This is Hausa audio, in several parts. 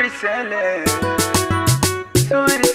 Sorry, Sally. selling.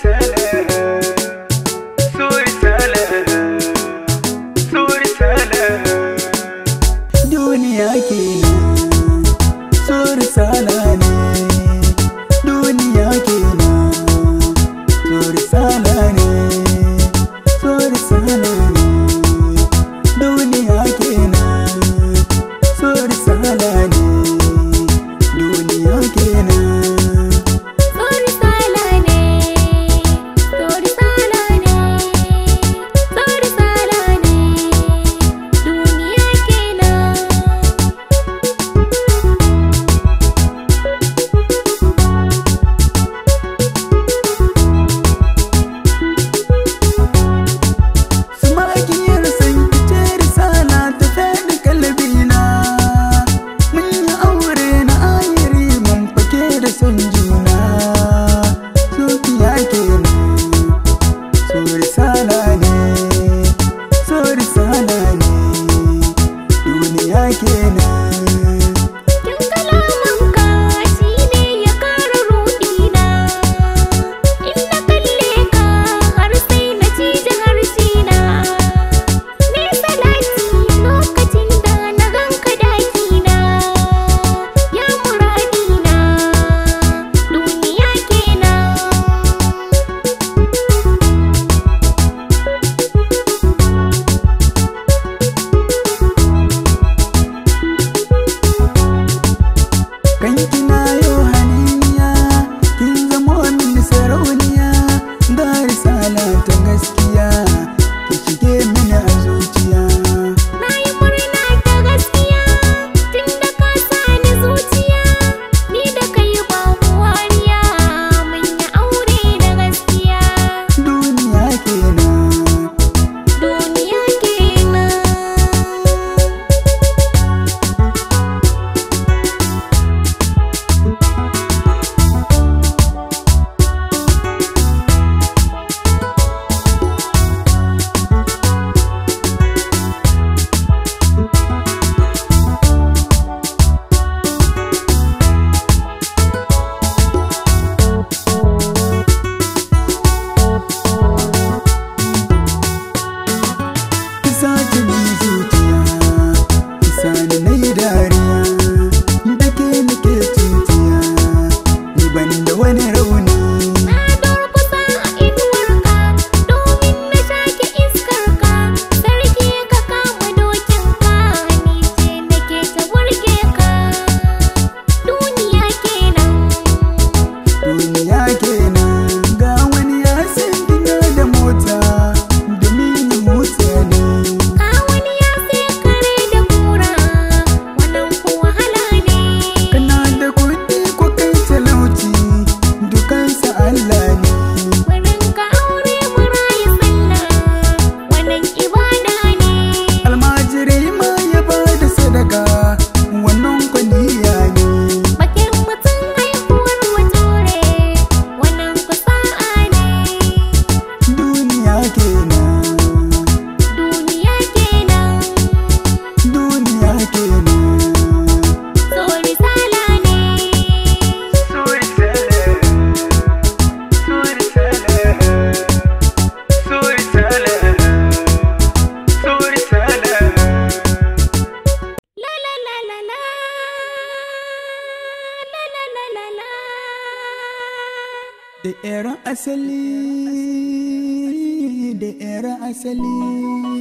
asali da 'yar asali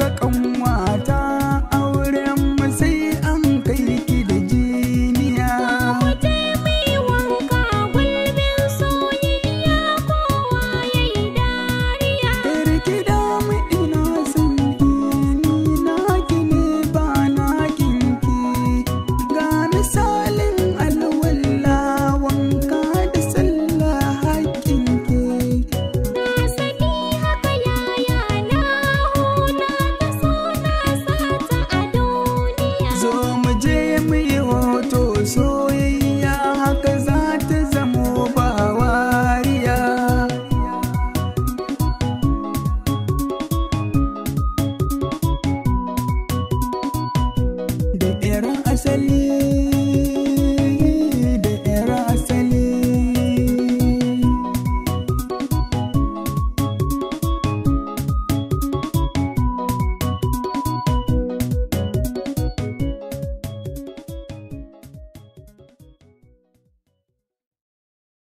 các ông